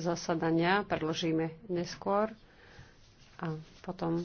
zasadania predložíme neskôr a potom